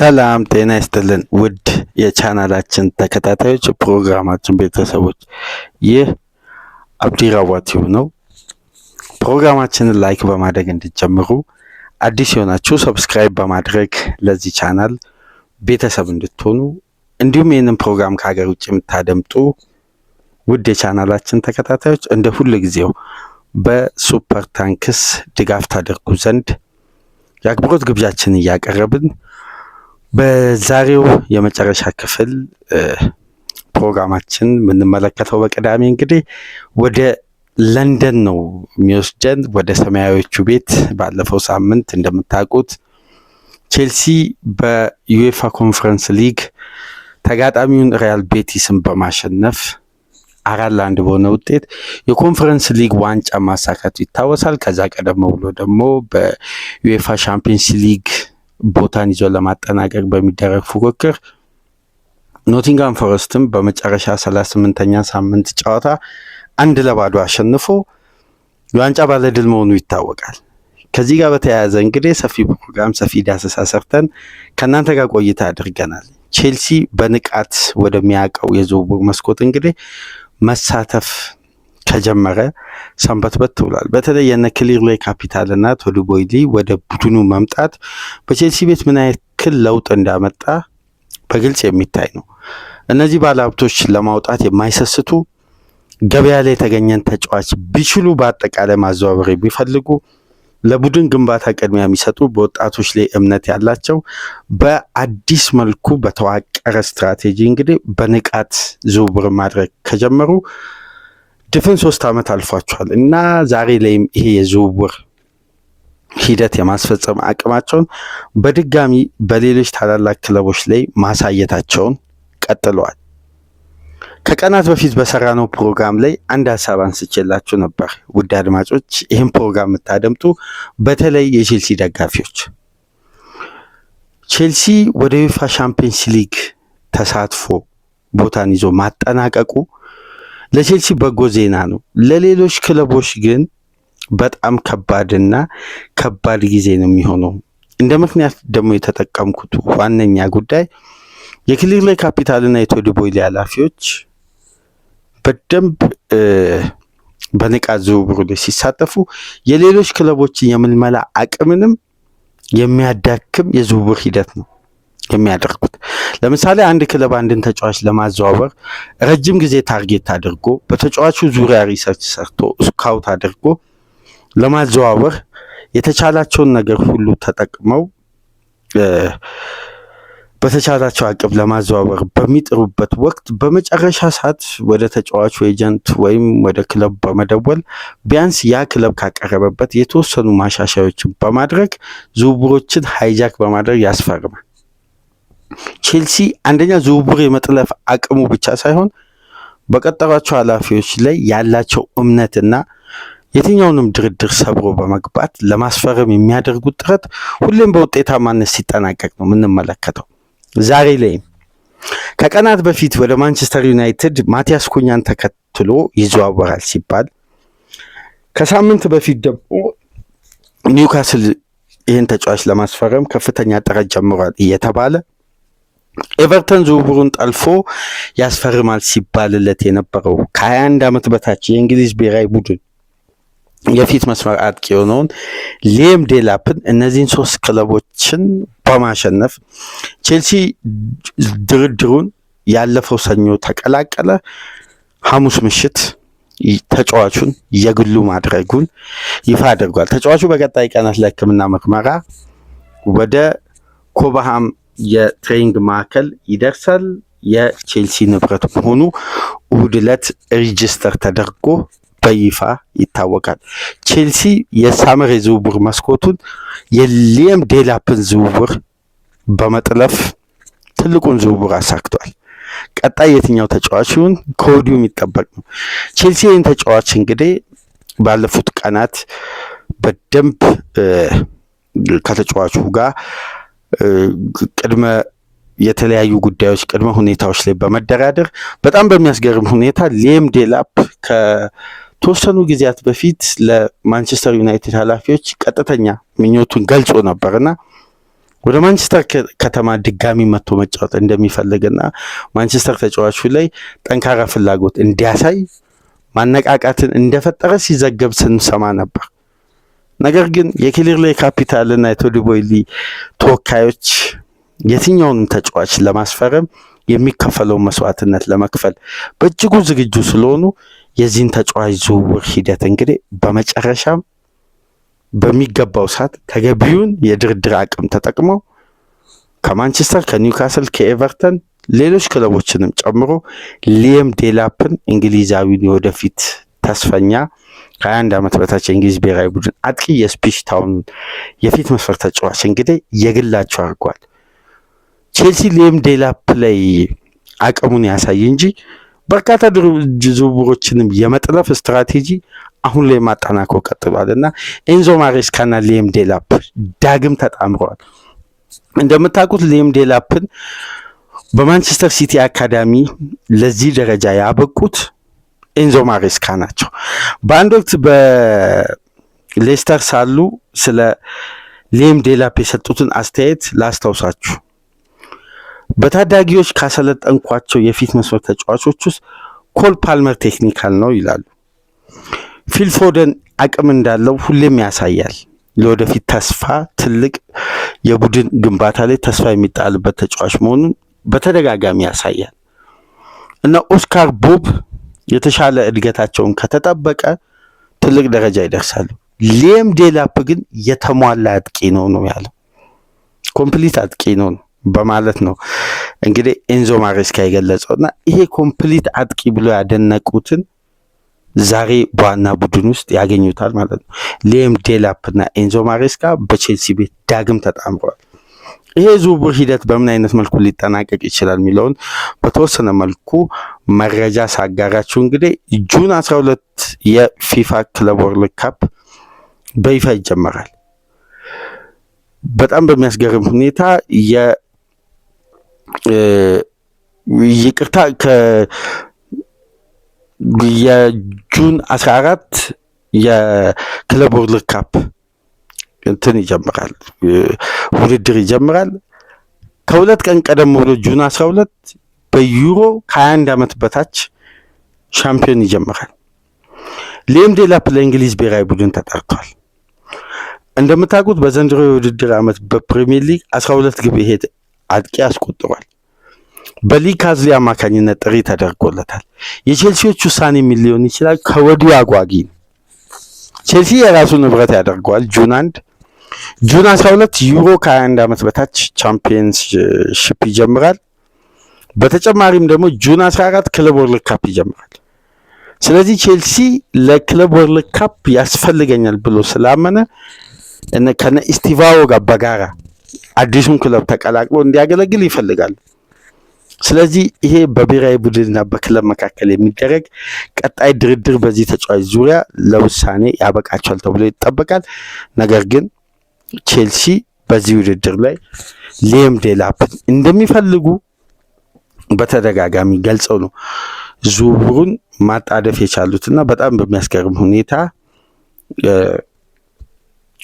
ሰላም ጤና ይስጥልን ውድ የቻናላችን ተከታታዮች ፕሮግራማችን ቤተሰቦች፣ ይህ አብዲራዋ ቲዩብ ነው። ፕሮግራማችንን ላይክ በማድረግ እንዲጀምሩ፣ አዲስ የሆናችሁ ሰብስክራይብ በማድረግ ለዚህ ቻናል ቤተሰብ እንድትሆኑ፣ እንዲሁም ይህንን ፕሮግራም ከሀገር ውጭ የምታደምጡ ውድ የቻናላችን ተከታታዮች እንደ ሁል ጊዜው በሱፐር ታንክስ ድጋፍ ታደርጉ ዘንድ የአክብሮት ግብዣችን እያቀረብን በዛሬው የመጨረሻ ክፍል ፕሮግራማችን የምንመለከተው በቅዳሜ እንግዲህ ወደ ለንደን ነው የሚወስደን፣ ወደ ሰማያዊዎቹ ቤት። ባለፈው ሳምንት እንደምታውቁት ቼልሲ በዩኤፋ ኮንፈረንስ ሊግ ተጋጣሚውን ሪያል ቤቲስን በማሸነፍ አራት ለአንድ በሆነ ውጤት የኮንፈረንስ ሊግ ዋንጫ ማሳካቱ ይታወሳል። ከዛ ቀደም ብሎ ደግሞ በዩኤፋ ሻምፒየንስ ሊግ ቦታን ይዞ ለማጠናቀቅ በሚደረግ ፉክክር ኖቲንጋም ፎረስትም በመጨረሻ 38ኛ ሳምንት ጨዋታ አንድ ለባዶ አሸንፎ የዋንጫ ባለድል መሆኑ ይታወቃል። ከዚህ ጋር በተያያዘ እንግዲህ ሰፊ ፕሮግራም ሰፊ ዳሰሳ ሰርተን ከእናንተ ጋር ቆይታ አድርገናል። ቼልሲ በንቃት ወደሚያውቀው የዝውውር መስኮት እንግዲህ መሳተፍ ከጀመረ ሰንበትበት ብሏል። በተለይ የነ ካፒታል ካፒታልና ቶዱ ቦይሊ ወደ ቡድኑ መምጣት በቼልሲ ቤት ምን ያክል ለውጥ እንዳመጣ በግልጽ የሚታይ ነው። እነዚህ ባለሀብቶች ለማውጣት የማይሰስቱ ገበያ ላይ የተገኘን ተጫዋች ቢችሉ በአጠቃላይ ማዘዋወር የሚፈልጉ ለቡድን ግንባታ ቅድሚያ የሚሰጡ በወጣቶች ላይ እምነት ያላቸው በአዲስ መልኩ በተዋቀረ ስትራቴጂ እንግዲህ በንቃት ዝውውር ማድረግ ከጀመሩ ድፍን ሶስት ዓመት አልፏቸዋል እና ዛሬ ላይም ይሄ የዝውውር ሂደት የማስፈጸም አቅማቸውን በድጋሚ በሌሎች ታላላቅ ክለቦች ላይ ማሳየታቸውን ቀጥለዋል። ከቀናት በፊት በሰራነው ፕሮግራም ላይ አንድ ሀሳብ አንስቼላችሁ ነበር። ውድ አድማጮች፣ ይህን ፕሮግራም የምታደምጡ በተለይ የቼልሲ ደጋፊዎች ቼልሲ ወደ ዩፋ ሻምፒየንስ ሊግ ተሳትፎ ቦታን ይዞ ማጠናቀቁ ለቼልሲ በጎ ዜና ነው። ለሌሎች ክለቦች ግን በጣም ከባድና ከባድ ጊዜ ነው የሚሆነው። እንደ ምክንያት ደግሞ የተጠቀምኩት ዋነኛ ጉዳይ የክሊር ላይ ካፒታልና የቶዲ ቦይሊ ኃላፊዎች በደንብ በንቃት ዝውውሩ ላይ ሲሳተፉ የሌሎች ክለቦችን የምልመላ አቅምንም የሚያዳክም የዝውውር ሂደት ነው። የሚያደርጉት። ለምሳሌ አንድ ክለብ አንድን ተጫዋች ለማዘዋወር ረጅም ጊዜ ታርጌት አድርጎ በተጫዋቹ ዙሪያ ሪሰርች ሰርቶ ስካውት አድርጎ ለማዘዋወር የተቻላቸውን ነገር ሁሉ ተጠቅመው በተቻላቸው አቅም ለማዘዋወር በሚጥሩበት ወቅት በመጨረሻ ሰዓት ወደ ተጫዋቹ ኤጀንት ወይም ወደ ክለብ በመደወል ቢያንስ ያ ክለብ ካቀረበበት የተወሰኑ ማሻሻዮችን በማድረግ ዝውውሮችን ሃይጃክ በማድረግ ያስፈርማል። ቼልሲ አንደኛ ዝውውር የመጥለፍ አቅሙ ብቻ ሳይሆን በቀጠሯቸው ኃላፊዎች ላይ ያላቸው እምነትና የትኛውንም ድርድር ሰብሮ በመግባት ለማስፈረም የሚያደርጉት ጥረት ሁሌም በውጤታማነት ሲጠናቀቅ ነው የምንመለከተው። ዛሬ ላይም ከቀናት በፊት ወደ ማንቸስተር ዩናይትድ ማቲያስ ኩኛን ተከትሎ ይዘዋወራል ሲባል ከሳምንት በፊት ደግሞ ኒውካስል ይህን ተጫዋች ለማስፈረም ከፍተኛ ጥረት ጀምሯል እየተባለ ኤቨርተን ዝውውሩን ጠልፎ ያስፈርማል ሲባልለት የነበረው ከ21 ዓመት በታች የእንግሊዝ ብሔራዊ ቡድን የፊት መስመር አጥቂ የሆነውን ሌም ዴላፕን እነዚህን ሶስት ክለቦችን በማሸነፍ ቼልሲ ድርድሩን ያለፈው ሰኞ ተቀላቀለ። ሐሙስ ምሽት ተጫዋቹን የግሉ ማድረጉን ይፋ አድርጓል። ተጫዋቹ በቀጣይ ቀናት ለሕክምና ምርመራ ወደ ኮባሃም የትሬኒንግ ማዕከል ይደርሳል። የቼልሲ ንብረት መሆኑ እሁድ ዕለት ሬጅስተር ተደርጎ በይፋ ይታወቃል። ቼልሲ የሳመር ዝውውር መስኮቱን የሊየም ዴላፕን ዝውውር በመጥለፍ ትልቁን ዝውውር አሳክቷል። ቀጣይ የትኛው ተጫዋች ይሁን ከወዲሁ የሚጠበቅ ነው። ቼልሲ ይህን ተጫዋች እንግዲህ ባለፉት ቀናት በደንብ ከተጫዋቹ ጋር ቅድመ የተለያዩ ጉዳዮች ቅድመ ሁኔታዎች ላይ በመደራደር በጣም በሚያስገርም ሁኔታ ሌም ዴላፕ ከተወሰኑ ጊዜያት በፊት ለማንቸስተር ዩናይትድ ኃላፊዎች ቀጥተኛ ምኞቱን ገልጾ ነበርና ወደ ማንቸስተር ከተማ ድጋሚ መጥቶ መጫወት እንደሚፈልግና ማንቸስተር ተጫዋቹ ላይ ጠንካራ ፍላጎት እንዲያሳይ ማነቃቃትን እንደፈጠረ ሲዘገብ ስንሰማ ነበር። ነገር ግን እና ካፒታልና ቦይሊ ተወካዮች የትኛውንም ተጫዋች ለማስፈረም የሚከፈለውን መስዋዕትነት ለመክፈል በእጅጉ ዝግጁ ስለሆኑ የዚህን ተጫዋች ዝውውር ሂደት እንግዲህ በመጨረሻም በሚገባው ሰዓት ተገቢውን የድርድር አቅም ተጠቅመው ከማንቸስተር፣ ከኒውካስል፣ ከኤቨርተን ሌሎች ክለቦችንም ጨምሮ ሊየም ዴላፕን እንግሊዛዊን የወደፊት ተስፈኛ ከ21 ዓመት በታች የእንግሊዝ ብሔራዊ ቡድን አጥቂ የስፒሽ ታውን የፊት መስመር ተጫዋች እንግዲህ የግላቸው አድርጓል። ቼልሲ ሌም ዴላፕ ላይ አቅሙን ያሳይ እንጂ በርካታ ዝውውሮችንም የመጥለፍ ስትራቴጂ አሁን ላይ ማጠናከው ቀጥሏል እና ኤንዞ ማሬስካና ሌም ዴላፕ ዳግም ተጣምረዋል። እንደምታውቁት ሌም ዴላፕን በማንቸስተር ሲቲ አካዳሚ ለዚህ ደረጃ ያበቁት ኤንዞ ማሬስካ ናቸው። በአንድ ወቅት በሌስተር ሳሉ ስለ ሌም ዴላፕ የሰጡትን አስተያየት ላስታውሳችሁ። በታዳጊዎች ካሰለጠንኳቸው የፊት መስመር ተጫዋቾች ውስጥ ኮል ፓልመር ቴክኒካል ነው ይላሉ። ፊል ፎደን አቅም እንዳለው ሁሌም ያሳያል። ለወደፊት ተስፋ ትልቅ የቡድን ግንባታ ላይ ተስፋ የሚጣልበት ተጫዋች መሆኑን በተደጋጋሚ ያሳያል እና ኦስካር ቦብ የተሻለ እድገታቸውን ከተጠበቀ ትልቅ ደረጃ ይደርሳሉ። ሌም ዴላፕ ግን የተሟላ አጥቂ ነው ነው ያለው። ኮምፕሊት አጥቂ ነው በማለት ነው እንግዲህ ኤንዞ ማሬስካ የገለጸው እና ይሄ ኮምፕሊት አጥቂ ብሎ ያደነቁትን ዛሬ በዋና ቡድን ውስጥ ያገኙታል ማለት ነው። ሌም ዴላፕ እና ኤንዞ ማሬስካ በቼልሲ ቤት ዳግም ተጣምረዋል። ይሄ ዝውውር ሂደት በምን አይነት መልኩ ሊጠናቀቅ ይችላል የሚለውን በተወሰነ መልኩ መረጃ ሳጋራችሁ እንግዲህ ጁን 12 የፊፋ ክለብ ወርልድ ካፕ በይፋ ይጀመራል። በጣም በሚያስገርም ሁኔታ ይቅርታ የጁን 14 የክለብ ወርልድ ካፕ እንትን ይጀምራል፣ ውድድር ይጀምራል። ከሁለት ቀን ቀደም ብሎ ጁን 12 በዩሮ ከ21 ዓመት በታች ሻምፒዮን ይጀምራል። ሌም ዴላፕ ለእንግሊዝ ብሔራዊ ቡድን ተጠርቷል። እንደምታውቁት በዘንድሮ የውድድር ዓመት በፕሪሚየር ሊግ 12 ግብ ይሄድ አጥቂ አስቆጥሯል። በሊግ ካዝሊ አማካኝነት ጥሪ ተደርጎለታል። የቼልሲዎች ውሳኔ ምን ሊሆን ይችላል? ከወዲሁ አጓጊ ቼልሲ የራሱ ንብረት ያደርገዋል ጁን አንድ ጁን 12 ዩሮ ከ21 ዓመት በታች ቻምፒየንስ ሽፕ ይጀምራል። በተጨማሪም ደግሞ ጁን 14 ክለብ ወርልድ ካፕ ይጀምራል። ስለዚህ ቼልሲ ለክለብ ወርልድ ካፕ ያስፈልገኛል ብሎ ስላመነ ከነ ኢስቲቫዎ ጋር በጋራ አዲሱን ክለብ ተቀላቅሎ እንዲያገለግል ይፈልጋሉ። ስለዚህ ይሄ በብሔራዊ ቡድንና በክለብ መካከል የሚደረግ ቀጣይ ድርድር በዚህ ተጫዋች ዙሪያ ለውሳኔ ያበቃቸዋል ተብሎ ይጠበቃል። ነገር ግን ቼልሲ በዚህ ውድድር ላይ ሌም ዴላፕን እንደሚፈልጉ በተደጋጋሚ ገልጸው ነው ዝውውሩን ማጣደፍ የቻሉትና በጣም በሚያስገርም ሁኔታ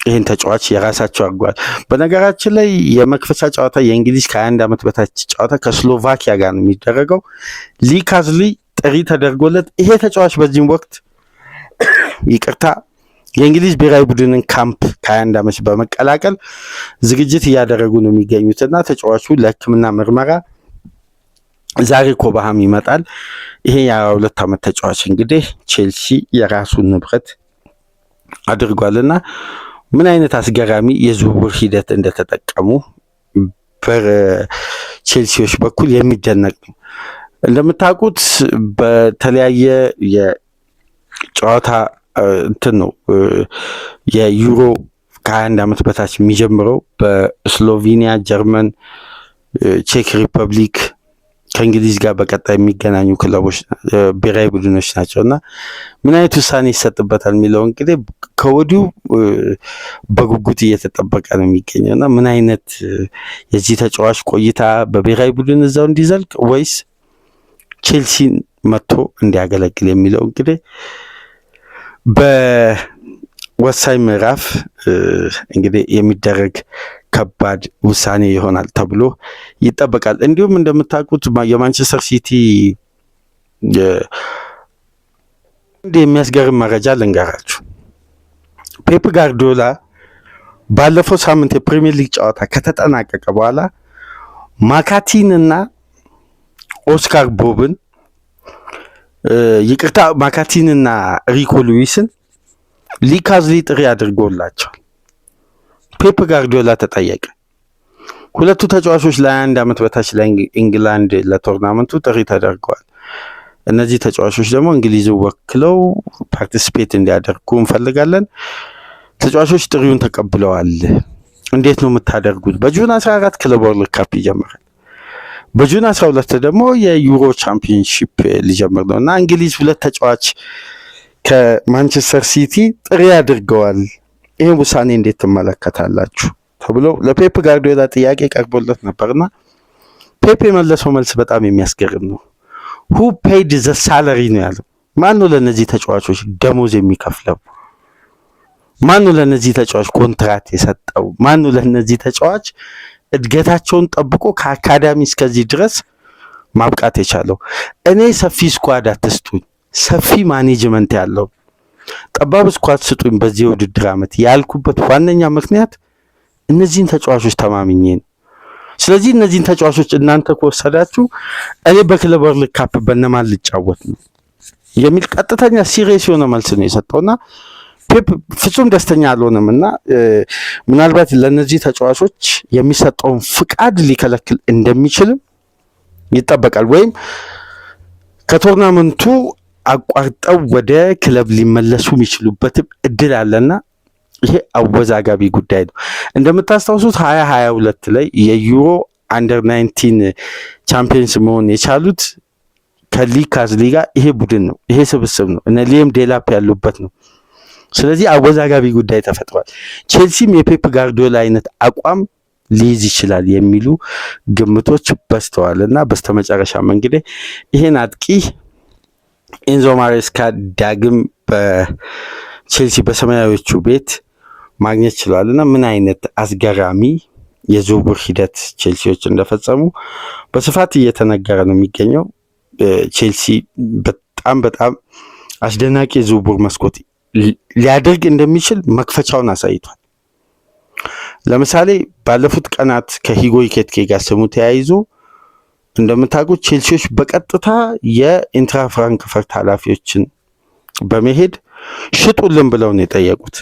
ይህን ተጫዋች የራሳቸው አድርጓል። በነገራችን ላይ የመክፈቻ ጨዋታ የእንግሊዝ ከ21 ዓመት በታች ጨዋታ ከስሎቫኪያ ጋር ነው የሚደረገው። ሊካዝሊ ጥሪ ተደርጎለት ይሄ ተጫዋች በዚህም ወቅት ይቅርታ የእንግሊዝ ብሔራዊ ቡድንን ካምፕ ከ21 ዓመት በመቀላቀል ዝግጅት እያደረጉ ነው የሚገኙትና ተጫዋቹ ለሕክምና ምርመራ ዛሬ ኮባሃም ይመጣል። ይሄ የ22 ዓመት ተጫዋች እንግዲህ ቼልሲ የራሱ ንብረት አድርጓልና ምን አይነት አስገራሚ የዝውውር ሂደት እንደተጠቀሙ በቼልሲዎች በኩል የሚደነቅ ነው። እንደምታውቁት በተለያየ የጨዋታ እንትን ነው የዩሮ ከ ዓመት በታች የሚጀምረው በስሎቬኒያ፣ ጀርመን፣ ቼክ ሪፐብሊክ ከእንግሊዝ ጋር በቀጣይ የሚገናኙ ክለቦች ብሔራዊ ቡድኖች ናቸው እና ምን አይነት ውሳኔ ይሰጥበታል የሚለው እንግዲህ ከወዲሁ በጉጉት እየተጠበቀ ነው የሚገኘው እና ምን አይነት የዚህ ተጫዋች ቆይታ በብሔራዊ ቡድን እዛው እንዲዘልቅ ወይስ ቼልሲን መጥቶ እንዲያገለግል የሚለው እንግዲህ ወሳኝ ምዕራፍ እንግዲህ የሚደረግ ከባድ ውሳኔ ይሆናል ተብሎ ይጠበቃል። እንዲሁም እንደምታውቁት የማንቸስተር ሲቲ እንዲህ የሚያስገርም መረጃ ልንገራችሁ። ፔፕ ጋርዲዮላ ባለፈው ሳምንት የፕሪሚየር ሊግ ጨዋታ ከተጠናቀቀ በኋላ ማካቲንና ኦስካር ቦብን ይቅርታ፣ ማካቲንና ሪኮ ሉዊስን ሊካዝሊ ጥሪ አድርጎላቸዋል። ፔፕ ጋርዲዮላ ተጠየቀ። ሁለቱ ተጫዋቾች ለ21 ዓመት በታች ለኢንግላንድ ለቶርናመንቱ ጥሪ ተደርገዋል። እነዚህ ተጫዋቾች ደግሞ እንግሊዝ ወክለው ፓርቲስፔት እንዲያደርጉ እንፈልጋለን። ተጫዋቾች ጥሪውን ተቀብለዋል። እንዴት ነው የምታደርጉት? በጁን 14 ክለብ ወርልድ ካፕ ይጀምራል። በጁን 12 ደግሞ የዩሮ ቻምፒዮንሺፕ ሊጀምር ነው እና እንግሊዝ ሁለት ተጫዋች ከማንቸስተር ሲቲ ጥሪ አድርገዋል። ይህን ውሳኔ እንዴት ትመለከታላችሁ ተብሎ ለፔፕ ጋርዲዮላ ጥያቄ ቀርቦለት ነበርና ፔፕ የመለሰው መልስ በጣም የሚያስገርም ነው። ሁ ፔይድ ዘ ሳለሪ ነው ያለው። ማን ነው ለእነዚህ ተጫዋቾች ደሞዝ የሚከፍለው? ማን ነው ለእነዚህ ተጫዋች ኮንትራት የሰጠው? ማን ነው ለእነዚህ ተጫዋች እድገታቸውን ጠብቆ ከአካዳሚ እስከዚህ ድረስ ማብቃት የቻለው? እኔ ሰፊ ስኳድ አትስጡኝ ሰፊ ማኔጅመንት ያለው ጠባብ ስኳት ስጡኝ በዚህ የውድድር ዓመት ያልኩበት ዋነኛ ምክንያት እነዚህን ተጫዋቾች ተማምኜ ነው። ስለዚህ እነዚህን ተጫዋቾች እናንተ ከወሰዳችሁ እኔ በክለብ ወርልድ ካፕ በነማን ልጫወት ነው የሚል ቀጥተኛ ሲሪየስ የሆነ መልስ ነው የሰጠውና ፔፕ ፍጹም ደስተኛ አልሆነም እና ምናልባት ለእነዚህ ተጫዋቾች የሚሰጠውን ፍቃድ ሊከለክል እንደሚችልም ይጠበቃል ወይም ከቶርናመንቱ አቋርጠው ወደ ክለብ ሊመለሱ የሚችሉበትም እድል አለና ይሄ አወዛጋቢ ጉዳይ ነው። እንደምታስታውሱት ሀያ ሀያ ሁለት ላይ የዩሮ አንደር ናይንቲን ቻምፒየንስ መሆን የቻሉት ከሊካዝ ሊጋ ይሄ ቡድን ነው፣ ይሄ ስብስብ ነው፣ እነ ሊየም ዴላፕ ያሉበት ነው። ስለዚህ አወዛጋቢ ጉዳይ ተፈጥሯል። ቼልሲም የፔፕ ጋርዲዮላ አይነት አቋም ሊይዝ ይችላል የሚሉ ግምቶች በስተዋል እና በስተመጨረሻም እንግዲህ ይሄን አጥቂ ኢንዞ ማሬስካ ዳግም በቼልሲ በሰማያዊዎቹ ቤት ማግኘት ችሏል እና ምን አይነት አስገራሚ የዝውውር ሂደት ቼልሲዎች እንደፈጸሙ በስፋት እየተነገረ ነው የሚገኘው። ቼልሲ በጣም በጣም አስደናቂ የዝውውር መስኮት ሊያደርግ እንደሚችል መክፈቻውን አሳይቷል። ለምሳሌ ባለፉት ቀናት ከሂጎ ኬትኬ ጋር ስሙ ተያይዞ እንደምታውቁት ቼልሲዎች በቀጥታ የኢንትራ ፍራንክፈርት ኃላፊዎችን በመሄድ ሽጡልን ብለው ነው የጠየቁት።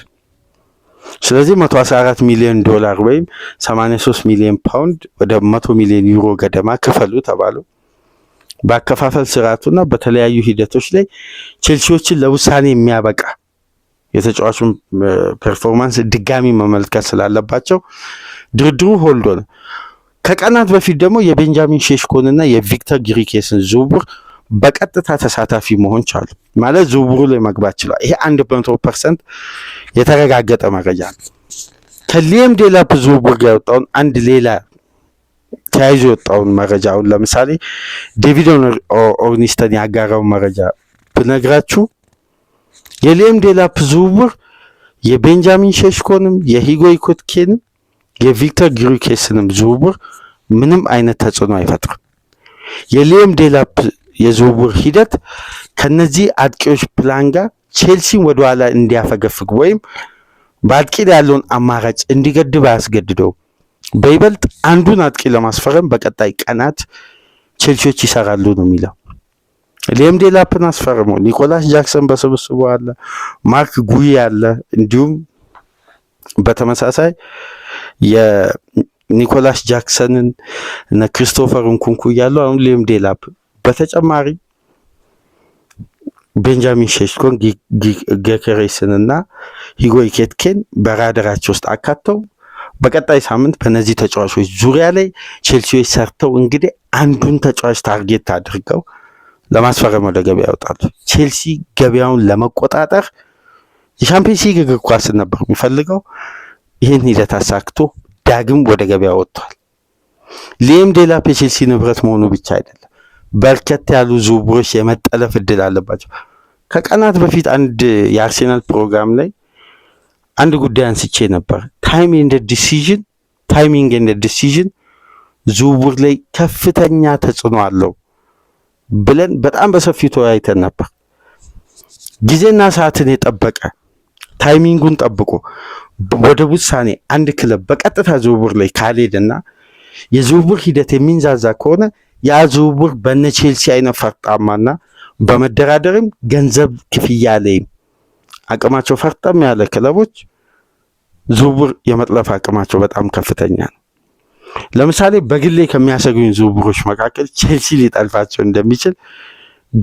ስለዚህ 114 ሚሊዮን ዶላር ወይም 83 ሚሊዮን ፓውንድ ወደ 100 ሚሊዮን ዩሮ ገደማ ክፈሉ ተባሉ። በአከፋፈል ስርዓቱና በተለያዩ ሂደቶች ላይ ቼልሲዎችን ለውሳኔ የሚያበቃ የተጫዋቹን ፐርፎርማንስ ድጋሚ መመልከት ስላለባቸው ድርድሩ ሆልዶ ነው። ከቀናት በፊት ደግሞ የቤንጃሚን ሼሽኮን እና የቪክተር ግሪኬስን ዝውውር በቀጥታ ተሳታፊ መሆን ቻሉ። ማለት ዝውውሩ ላይ መግባት ችሏል። ይሄ አንድ መቶ ፐርሰንት የተረጋገጠ መረጃ ነው። ከሊየም ዴላፕ ዝውውር ጋር የወጣውን አንድ ሌላ ተያይዞ የወጣውን መረጃ አሁን ለምሳሌ ዴቪድ ኦርኒስተን ያጋራውን መረጃ ብነግራችሁ የሊየም ዴላፕ ዝውውር የቤንጃሚን ሼሽኮንም የሂጎ ኢኮትኬንም የቪክተር ጊሩኬስንም ዝውውር ምንም አይነት ተጽዕኖ አይፈጥርም። የሊየም ዴላፕ የዝውውር ሂደት ከነዚህ አጥቂዎች ፕላን ጋር ቼልሲን ወደኋላ እንዲያፈገፍግ ወይም በአጥቂ ላይ ያለውን አማራጭ እንዲገድብ አያስገድደውም። በይበልጥ አንዱን አጥቂ ለማስፈረም በቀጣይ ቀናት ቼልሲዎች ይሰራሉ ነው የሚለው። ሊየም ዴላፕን አስፈርሞ ኒኮላስ ጃክሰን በስብስቡ አለ፣ ማርክ ጉይ አለ፣ እንዲሁም በተመሳሳይ የኒኮላስ ጃክሰንን እነ ክሪስቶፈር ንኩንኩ እያሉ አሁን ሊም ዴላፕ በተጨማሪ ቤንጃሚን ሼሽኮን ጌከሬስን እና ሂጎይ ኬትኬን በራደራቸው ውስጥ አካተው በቀጣይ ሳምንት በእነዚህ ተጫዋቾች ዙሪያ ላይ ቼልሲዎች ሰርተው እንግዲህ አንዱን ተጫዋች ታርጌት አድርገው ለማስፈረም ወደ ገበያ ያወጣሉ። ቼልሲ ገበያውን ለመቆጣጠር የሻምፒየንስ ሊግ እግር ኳስን ነበር የሚፈልገው። ይህን ሂደት አሳክቶ ዳግም ወደ ገበያ ወጥቷል። ሊም ዴላፕ የቼልሲ ንብረት መሆኑ ብቻ አይደለም፣ በርከት ያሉ ዝውውሮች የመጠለፍ እድል አለባቸው። ከቀናት በፊት አንድ የአርሴናል ፕሮግራም ላይ አንድ ጉዳይ አንስቼ ነበር። ታይም ኤንድ ዲሲዥን ታይሚንግ ኤንድ ዲሲዥን ዝውውር ላይ ከፍተኛ ተጽዕኖ አለው ብለን በጣም በሰፊው ተወያይተን ነበር። ጊዜና ሰዓትን የጠበቀ ታይሚንጉን ጠብቆ ወደ ውሳኔ አንድ ክለብ በቀጥታ ዝውውር ላይ ካልሄደና የዝውውር ሂደት የሚንዛዛ ከሆነ ያ ዝውውር በነ ቼልሲ አይነት ፈርጣማና በመደራደርም ገንዘብ ክፍያ ላይም አቅማቸው ፈርጠም ያለ ክለቦች ዝውውር የመጥለፍ አቅማቸው በጣም ከፍተኛ ነው። ለምሳሌ በግሌ ከሚያሰጉኝ ዝውውሮች መካከል ቼልሲ ሊጠልፋቸው እንደሚችል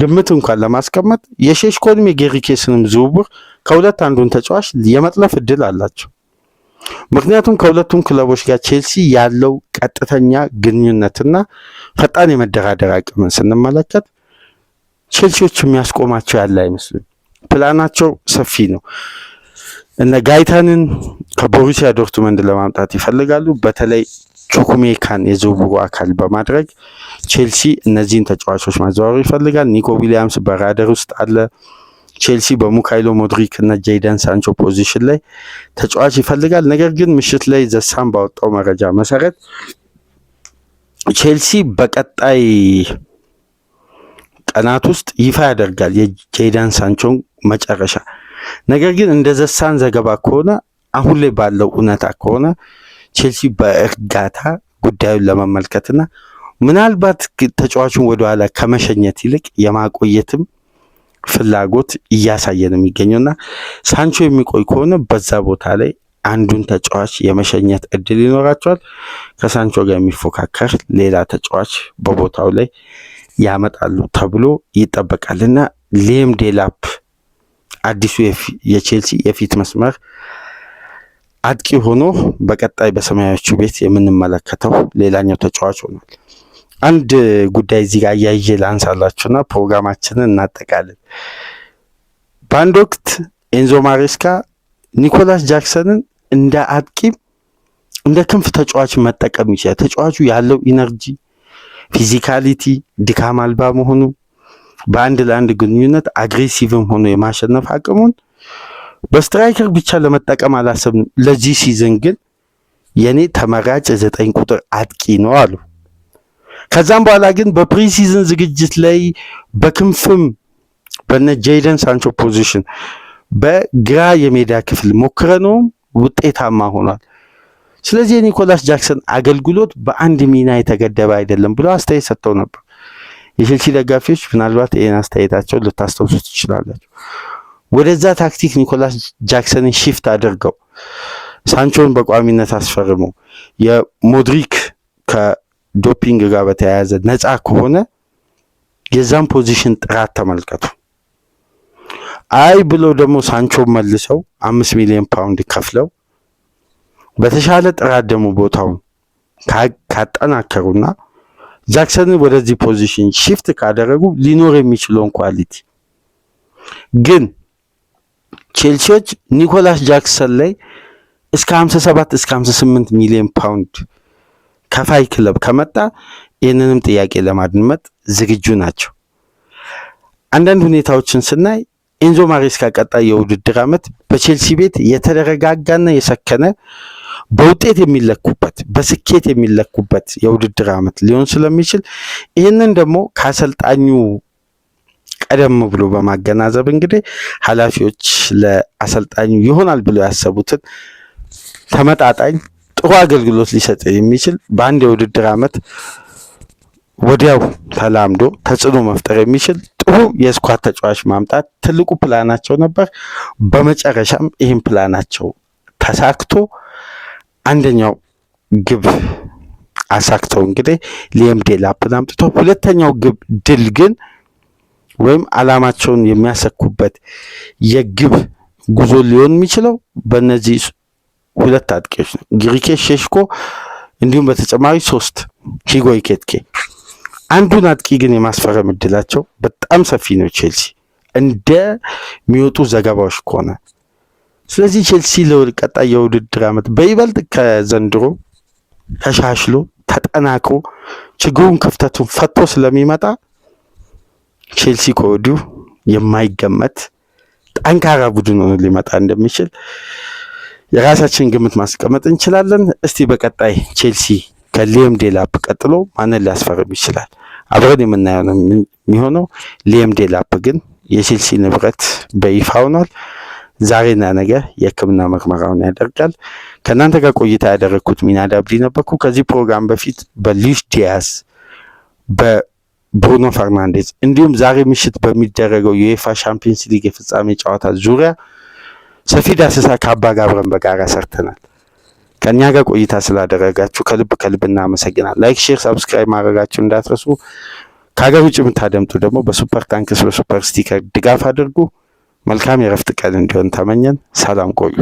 ግምት እንኳን ለማስቀመጥ የሼሽኮንም የጌሪኬስንም ዝውውር ከሁለት አንዱን ተጫዋች የመጥለፍ እድል አላቸው። ምክንያቱም ከሁለቱም ክለቦች ጋር ቼልሲ ያለው ቀጥተኛ ግንኙነትና ፈጣን የመደራደር አቅምን ስንመለከት ቼልሲዎች የሚያስቆማቸው ያለ አይመስልም። ፕላናቸው ሰፊ ነው። እነ ጋይታንን ከቦሩሲያ ዶርትመንድ ለማምጣት ይፈልጋሉ። በተለይ ቹኩሜካን የዝውውሩ አካል በማድረግ ቼልሲ እነዚህን ተጫዋቾች ማዘዋወሩ ይፈልጋል። ኒኮ ዊሊያምስ በራደር ውስጥ አለ። ቼልሲ በሙካይሎ ሞድሪክ እና ጄይደን ሳንቾ ፖዚሽን ላይ ተጫዋች ይፈልጋል። ነገር ግን ምሽት ላይ ዘሳን ባወጣው መረጃ መሰረት ቼልሲ በቀጣይ ቀናት ውስጥ ይፋ ያደርጋል የጄይደን ሳንቾን መጨረሻ። ነገር ግን እንደ ዘሳን ዘገባ ከሆነ አሁን ላይ ባለው እውነታ ከሆነ ቼልሲ በእርጋታ ጉዳዩን ለመመልከትና ምናልባት ተጫዋቹን ወደኋላ ከመሸኘት ይልቅ የማቆየትም ፍላጎት እያሳየ ነው የሚገኘው እና ሳንቾ የሚቆይ ከሆነ በዛ ቦታ ላይ አንዱን ተጫዋች የመሸኘት እድል ይኖራቸዋል። ከሳንቾ ጋር የሚፎካከር ሌላ ተጫዋች በቦታው ላይ ያመጣሉ ተብሎ ይጠበቃል እና ሌም ዴላፕ አዲሱ የቼልሲ የፊት መስመር አጥቂ ሆኖ በቀጣይ በሰማያዊዎቹ ቤት የምንመለከተው ሌላኛው ተጫዋች ሆኗል። አንድ ጉዳይ እዚህ ጋር እያየ ላንሳላችሁና ፕሮግራማችንን እናጠቃለን። በአንድ ወቅት ኤንዞ ማሬስካ ኒኮላስ ጃክሰንን እንደ አጥቂም እንደ ክንፍ ተጫዋች መጠቀም ይችላል። ተጫዋቹ ያለው ኢነርጂ፣ ፊዚካሊቲ ድካም አልባ መሆኑ በአንድ ለአንድ ግንኙነት አግሬሲቭም ሆኖ የማሸነፍ አቅሙን በስትራይከር ብቻ ለመጠቀም አላሰብንም። ለዚህ ሲዝን ግን የኔ ተመራጭ ዘጠኝ ቁጥር አጥቂ ነው አሉ። ከዛም በኋላ ግን በፕሪሲዝን ዝግጅት ላይ በክንፍም በነ ጄደን ሳንቾ ፖዚሽን በግራ የሜዳ ክፍል ሞክረነው ውጤታማ ሆኗል። ስለዚህ የኒኮላስ ጃክሰን አገልግሎት በአንድ ሚና የተገደበ አይደለም ብሎ አስተያየት ሰጥተው ነበር። የቼልሲ ደጋፊዎች ምናልባት ይህን አስተያየታቸውን ልታስታውሱ ትችላላችሁ። ወደዛ ታክቲክ ኒኮላስ ጃክሰንን ሺፍት አድርገው ሳንቾን በቋሚነት አስፈርመው የሞድሪክ ዶፒንግ ጋር በተያያዘ ነፃ ከሆነ የዛን ፖዚሽን ጥራት ተመልከቱ። አይ ብሎ ደግሞ ሳንቾ መልሰው አምስት ሚሊዮን ፓውንድ ከፍለው በተሻለ ጥራት ደግሞ ቦታውን ካጠናከሩና ጃክሰንን ወደዚህ ፖዚሽን ሺፍት ካደረጉ ሊኖር የሚችለውን ኳሊቲ ግን ቼልሲዎች ኒኮላስ ጃክሰን ላይ እስከ 57 እስከ 58 ሚሊዮን ፓውንድ ከፋይ ክለብ ከመጣ ይህንንም ጥያቄ ለማድመጥ ዝግጁ ናቸው። አንዳንድ ሁኔታዎችን ስናይ ኤንዞ ማሬስካ ቀጣይ የውድድር ዓመት በቼልሲ ቤት የተረጋጋና የሰከነ በውጤት የሚለኩበት በስኬት የሚለኩበት የውድድር ዓመት ሊሆን ስለሚችል ይህንን ደግሞ ከአሰልጣኙ ቀደም ብሎ በማገናዘብ እንግዲህ ኃላፊዎች ለአሰልጣኙ ይሆናል ብሎ ያሰቡትን ተመጣጣኝ ጥሩ አገልግሎት ሊሰጥ የሚችል በአንድ የውድድር ዓመት ወዲያው ተላምዶ ተጽዕኖ መፍጠር የሚችል ጥሩ የስኳድ ተጫዋች ማምጣት ትልቁ ፕላናቸው ነበር። በመጨረሻም ይህም ፕላናቸው ተሳክቶ አንደኛው ግብ አሳክተው እንግዲህ ሊየም ዴላፕን አምጥቶ ሁለተኛው ግብ ድል ግን ወይም አላማቸውን የሚያሰኩበት የግብ ጉዞ ሊሆን የሚችለው በእነዚህ ሁለት አጥቂዎች ነው። ግሪኬሽ ሸሽኮ እንዲሁም በተጨማሪ ሶስት ሂጎይ ኬትኬ። አንዱን አጥቂ ግን የማስፈረም እድላቸው በጣም ሰፊ ነው ቼልሲ እንደሚወጡ ዘገባዎች ከሆነ። ስለዚህ ቼልሲ ለቀጣይ የውድድር ዓመት በይበልጥ ከዘንድሮ ተሻሽሎ ተጠናክሮ ችግሩን ክፍተቱን ፈቶ ስለሚመጣ ቼልሲ ከወዲሁ የማይገመት ጠንካራ ቡድን ሆኖ ሊመጣ እንደሚችል የራሳችን ግምት ማስቀመጥ እንችላለን። እስቲ በቀጣይ ቼልሲ ከሊየም ዴላፕ ቀጥሎ ማንን ሊያስፈርም ይችላል? አብረን የምናየው ነው የሚሆነው። ሊየም ዴላፕ ግን የቼልሲ ንብረት በይፋ ሆኗል። ዛሬና ነገ የሕክምና ምርመራውን ያደርጋል። ከእናንተ ጋር ቆይታ ያደረግኩት ሚና ዳብዲ ነበርኩ። ከዚህ ፕሮግራም በፊት በሊሽ ዲያስ በብሩኖ ፈርናንዴዝ እንዲሁም ዛሬ ምሽት በሚደረገው የዩኤፋ ሻምፒየንስ ሊግ የፍጻሜ ጨዋታ ዙሪያ ሰፊ ዳሰሳ ከአባ ጋር አብረን በጋራ ሰርተናል። ከእኛ ጋር ቆይታ ስላደረጋችሁ ከልብ ከልብ እናመሰግናል። ላይክ፣ ሼር፣ ሳብስክራይብ ማድረጋችሁ እንዳትረሱ። ከሀገር ውጭ የምታደምጡ ደግሞ በሱፐር ታንክስ በሱፐር ስቲከር ድጋፍ አድርጉ። መልካም የረፍት ቀን እንዲሆን ተመኘን። ሰላም ቆዩ።